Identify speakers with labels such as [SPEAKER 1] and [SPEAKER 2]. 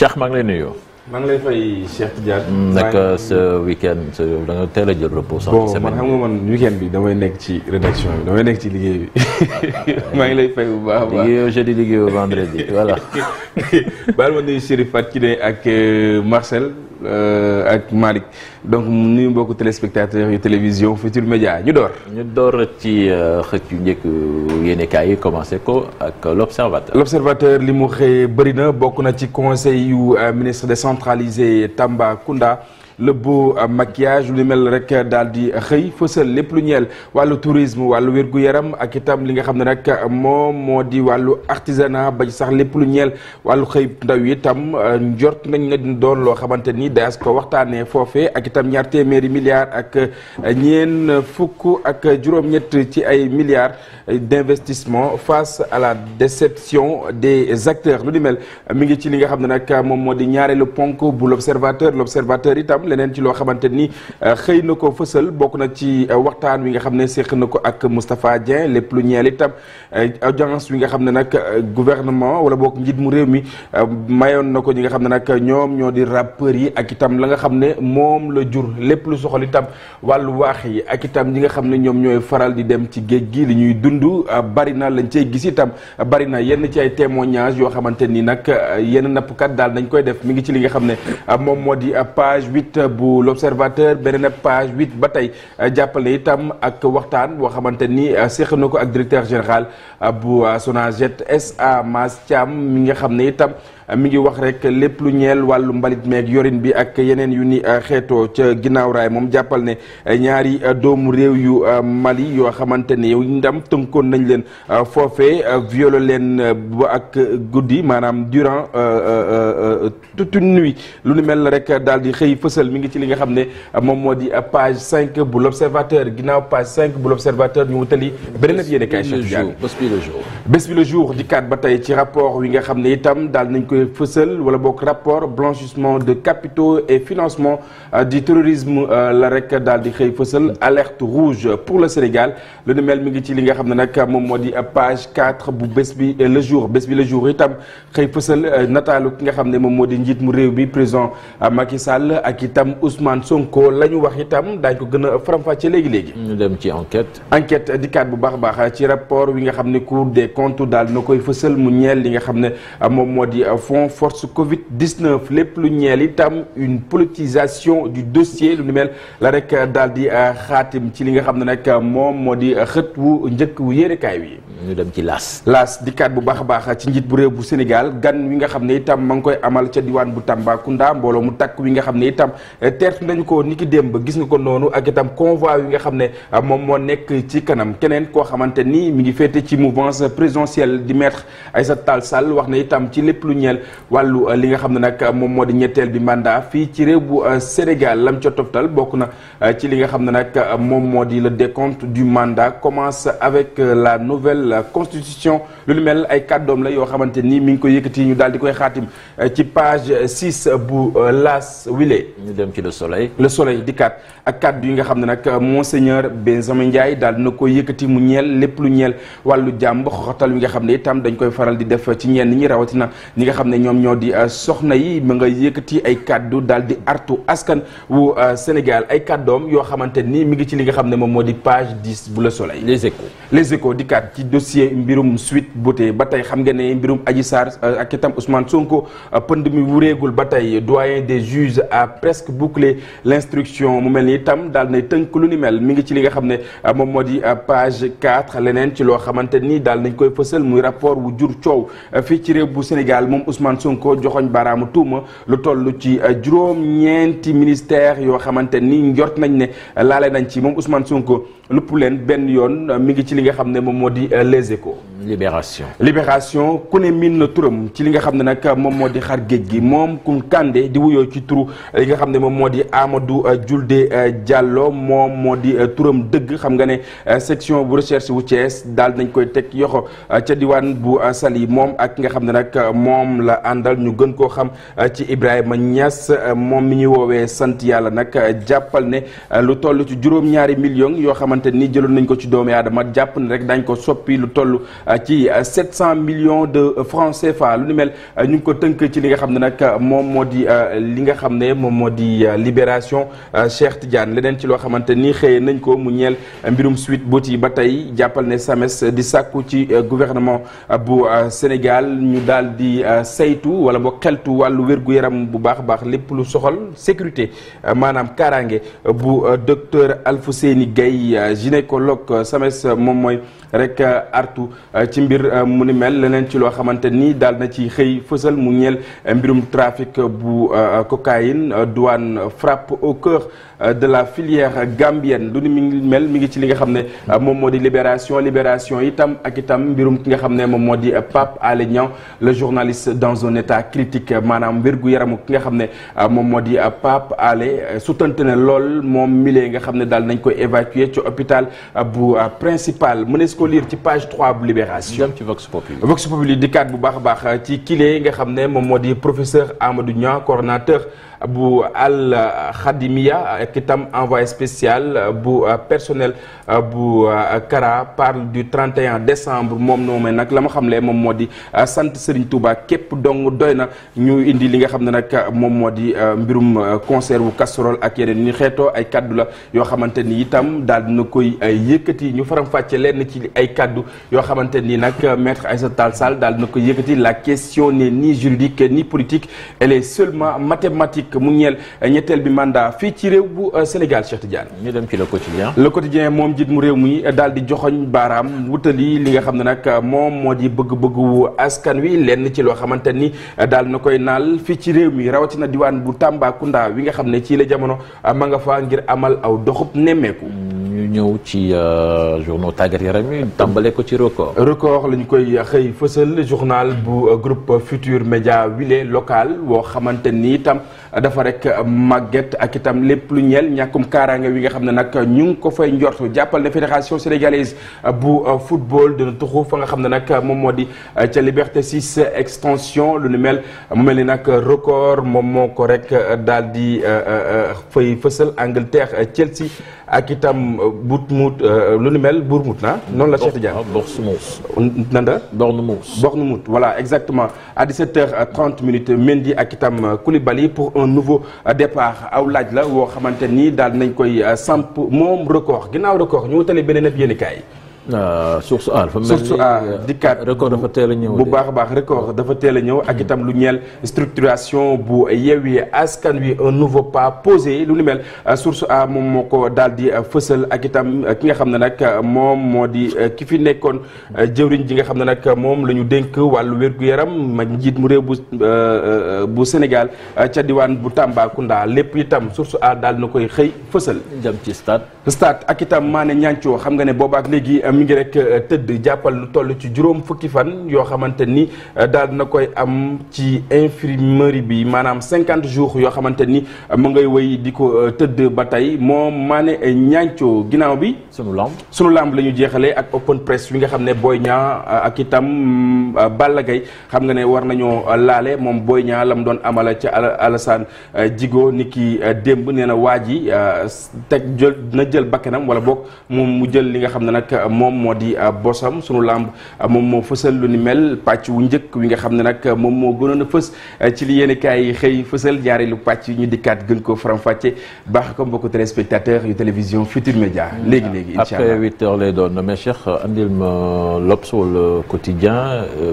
[SPEAKER 1] Cheikh maa ngi lay nuyu. maa ngi lay fay Cheikh Tidiane. naka mm, sa euh, weekend sa da nga teel a jël repos. bon man xam nga man weekend bi damay nekk ci rédaction bi damay nekk ci liggéey bi maa ngi lay fay bu baax a baax. liggéeyoo jeudi liggéeyoo vendredi voilà. baal ma nuyu Chérif Fatkine ak euh, Marcel euh, ak Malick donc nuyu mbokku téléspectateurs yu télévision Futur Média ñu door. ñu door ci xëcc yu njëkk yéenekaay yi commencé ko ak l' li mu xëy bëri na bokk na ci conseil yu ministre décentralisé Tambacounda lëbbu euh, maquillage lu mel rek daal di xëy fësal lépp lu ñeel wàllu tourisme wàllu wér-gu-yaram ak itam li nga xam ne nag moom moo di wàllu artisanat ba sax lépp lu ñeel wàllu xëy ndaw yi itam euh, njort nañ ne dina doon loo xamante ni daas ko waxtaanee foofe ak itam ñaar téeméeri milliards ak euh, ñeen fukk ak juróom-ñett ci ay milliards d'investissement face à la déception des acteurs lu ni mel mu ngi ci li nga xam ne nag moom moo di ñaareelu ponk bu l'observateur l'observateur itam leneen ci loo xamante ni euh, xëy na ko fësal bokk na ci euh, waxtaan wi nga xam ne séq na ko ak Moustapha Dieng lépp lu ñeel itam euh, audience wi nga xam ne nag gouvernement wala boog njiit mu réew mi mayoon na ko ñi nga xam ne nag ñoom ñoo di rappeurs yi ak itam la nga xam ne moom la jur lépp lu soxal itam wàllu waax yi ak itam ñi nga xam ne ñoom ñooy faral di dem ci géej gi li ñuy dund bari na lañ cay gis itam bari na yenn ci ay témoignages yoo xamante ni nag yenn nappkat daal nañ koy def mu ngi ci li nga xam ne moom moo di page huit bu l'observateur beneen page huit ba tey euh, jàppale itam ak waxtaan boo xamante ni euh, séq na ko ak directeur général sona euh, SONAGED SA Mass Thiam mi nga xam ne itam. mi ngi wax rek lépp lu ñeel wàllu mbalit meeg yorin bi ak yeneen yu ni euh, xeetoo ca ginnaaw raay moom jàppal ne euh, ñaari euh, doomu réew yu Mali yoo xamante ne yow ndam tënkoon nañ leen foofee violé leen ba ak guddi maanaam durant toute une nuit lu ni mel rek daal di xëy fësal mu ngi ci li nga xam ne moom moo di page cinq bu l'observateur ginnaaw page cinq bu l'observateur ñu wutali beneen ak yéen a kaay bés bi le jour bés bi le jour di kaat ba tey ci rapport fësal wala boog rapport blanchissement de capitaux et financement euh, du terrorisme euh, la rek daal di xëy fësal alerte rouge pour le Sénégal lu nu mel mi ngi ci li nga xam ne nag moom moo di page 4 bu bés bi euh, le jour bés bi le jour itam xëy fësal nataalu ki nga xam ne moom moo di njiit mu réew bi président Macky Sall ak itam Ousmane Sonko la ñu wax itam daañ ko gën a faram-fàcce léegi léegi. ñu dem ci enquête. enquête dikkaat bu baax a baax ci rapport wi fonds force Covid 19 lépp lu ñeel itam une politisation du dossier lu ni mel la rek daal di euh, xaatim ci li nga xam ne nag moom moo di xët wu njëkk wu yére kaay ñu dem ci laas. laas dikkaat bu baax a baax ci njiit bu réew bu Sénégal gan wi nga xam ne itam ma ngi koy amal ca diwaan bu Tambacounda mbooloo mu takk wi nga xam ne itam euh, teertu nañu ko niki démb gis nga ko noonu ak itam convoi wi nga xam ne euh, moom moo nekk ci kanam keneen koo xamante ni mu ngi féete ci mouvance présidentielle di maître Aïssata Tall Sall wax na itam ci lépp lu ñeel wàllu euh, li nga xam ne nag euh, moom moo di ñetteel bi mandat fii ci réew bu euh, Sénégal lam ca toftal bokk na ci li nga xam ne nag moom moo di le décompte du mandat commence avec la nouvelle constitution lu lu mel ay kàddoom la yoo xamante ni mi ngi ko yëkkati ñu daal di koy xaatim ci page six bu las wile. ñu dem ci le soleil. le soleil di kat ak kàddu yi nga xam ne nag monseigneur Benjamin Ndiaye daal dina ko yëkkati mu ñeel lépp lu ñeel wàllu jàmm xoxatal wi nga xam ne itam xam ne ñoom ñoo di euh, soxna yi mu nga yëkkati ay kàddu dal di artu askan wu euh, Sénégal ay kàddoom yoo xamante nii mi ngi ci li nga xam ne moom moo di page 10 bu Le Soleil. Les Échos di kat ci dossier mbirum Sweet Beauté ba tey xam nga ne mbirum Adji Sarr euh, ak itam Ousmane Sonko pënd mi wuréegul ba tey doyen des juges a presque bouclé l'instruction mu mel ni itam daal na tënk lu mi ngi ci li nga xam ne moom moo di page 4 leneen ci loo xamante nii daal nañ koy fësal muy rapport wu jur coow fii ci réew bu Sénégal moom Ousmane Sonko joxoñ baaraamu tuuma lu toll ci euh, juróom-ñeenti ministère yoo xamante ni njort nañ ne euh, laale nañ ci moom Ousmane Sonko lupp leen benn yoon euh, mi ngi ci li nga xam ne moom moo di les échos. libération libération ku ne miin turam ci li nga xam ne nag moom moo di xar géej gi moom kun kànde di wuyoo ci turu li nga xam ne moom moo di Amadou Julde jàlloo moom moo di turam dëgg xam nga ne section bu recherche wu Thiès daal nañ koy teg yoxo ca diwaan bu Saly moom ak nga xam ne nag moom moom la àndal ñu gën koo xam euh, ci Ibrahima Niass euh, moom mi ñu woowee sant yàlla nag euh, jàppal ne lu toll ci juróom-ñaari millions yoo xamante ni jëloon nañ ko ci doomi aadama jàpp ne rek dañ ko soppi lu toll ci 700 millions de francs CFA lu ni mel ñu ngi ko tënk ci li nga xam ne nag moom moo di li nga xam ne moom moo di libération Cheikh Tidiane leneen ci loo xamante ni xëye nañ ko mu ñeel mbirum Sweet yi ba tey jàppal ne SAMES di sàkku ci gouvernement bu Sénégal saytu wala boo xeltu wàllu wér yaram bu baax a baax lépp lu soxal sécurité euh, maanaam kaaraange bu euh, docteur Alfousseni Gaye euh, gynécologue SAMES moom mooy rek artu ci mbir mu ni mel leneen ci loo xamante nii daal na ci xëy fësal mu ñeel mbirum trafic bu cocaïne douane frappe au cœur de la filière gambienne du ni mi ngi mel mu ngi ci li nga xam ne moom moo di libération libération itam ak itam mbirum ki nga xam ne moom moo di Pape Alé Niang le journaliste dans un état critique maanaam wérgu yaramu ki nga xam ne euh, moom moo di euh, Pape Alé euh, sutante ne lool moom milee nga xam ne daal nañ koy évacuer ci hôpital bu principal mënees ko lire ci page 3 bu Libération. dem ci Vox Populi. Vox Populi di kaat bu baax a baax ci kilee nga xam ne moom moo di professeur Amadou Niang coordonnateur. bu al Khadimia ak itam envoyé spécial bu personnel bu Kara parle du trente 31 décembre moom noomee nag la ma xam xamle moom moo di sant Serigne Touba képp dong doy na ñu indi li nga xam ne nag moom moo di mbirum concert wu casserole ak yeneen ñu xeetoo ay kaddu la yoo xamante ni itam daal na koy yëkkati ñu faram-fàcce lenn ci ay kaddu yoo xamante ni nag maître Aïssata Tall Sall daal dina koy yëkkati la question n'est ni juridique ni politique dikk mu ñeel ñetteel bi mandat fii ci réew bu euh, Sénégal Cheikh Tidiane. ñu dem ci le quotidien. le quotidien moom jiit mu réew mi daal di joxoñ baaraam wutali li nga xam ne nag moom moo di bëgg-bëggu askan wi lenn ci loo xamante ni daal na koy naal fii ci réew mi rawatina diwaan bu Tambacounda wi nga xam ne ci la jamono ma nga fa ngir amal aw doxub nemmeeku. ñëw ci euh, journaux tàggat yaram yi tàmbale ko ci record. record lañ koy xëy fësal journal bu euh, groupe Futur Média wile local woo xamante ni itam dafa rek magget ak itam lépp lu ñeel ñàkkum kaaraange wi nga xam ne nag ñu ngi ko fay njortu jàppal na fédération sénégalaise bu euh, football dina tuxu fa nga xam ne nag moom moo di ca Liberté 6 extension lu ni mel mu mel ni nag record moom moo ko rek daal di fay fësal Angleterre Chelsea ak itam Boutmout euh, lu ni mel Bourmout na ah? noonu la Cheikh Tidiane Bornumus nanda Bornumus Bornumus voilà exactement à 17h30 minutes Mendy ak itam euh, Koulibaly pour un nouveau euh, départ aw laaj la woo xamante nii daal nañ koy samp moom record ginnaaw record ñu wutale beneen ab yéenekaay Ah, source A dafa mel source A ah, dikkaat record dafa teel a ñëw bu baax baax record dafa teel ñëw ak hmm. itam lu ñeel structuration bu Yewwi Askan Wi un nouveau pas posé lu ni mel ah, source A moom moo ko daal di fësal ak itam ki nga xam ne nag moom moo di ki fi nekkoon jëwriñ ji nga xam ne nag moom la ñu dénk wàllu wér-gu-yaram ma njiit mu réew bu bu Sénégal ca diwaan bu Tambacounda lépp itam source A daal na koy xëy fësal. jëm ak itam maanaam ñaancoo xam nga ne boobaak léegi. mi ngi rek euh, tëdd jàppal lu toll ci juróom fukki fan yoo xamante ni euh, daal na koy am ci infirmerie bi maanaam cinquante jours yoo xamante ni euh, mu ngay wéy di ko tëdd ba tey moom Mané Niancho ginnaaw bi. sunu lamb sunu lamb la ñu jeexalee ak open press wi nga xam ne Boy ñaa ak itam Balla Gaye xam nga ne war nañoo laale moom Boy Niang la mu doon amala ca Alassane jigo nit ki démb nee na waa ji teg jël na jël bakkanam wala boog moom mu jël li nga xam ne nag. moom moo di euh, bosam sunu lamb euh, moom moo fësal lu ni mel pàcc wu njëkk wi nga xam ne nag moom moo gënoon a fës euh, ci li yéen kaay yi xëy fësal ñaareelu pàcc yi ñu dikkaat gën koo faram-fàcce baax ko mbokku téléspectateur yu télévision Futur Média léegi léegi incha allah après lay doon mais Cheikh andil ma l'Obs wala quotidien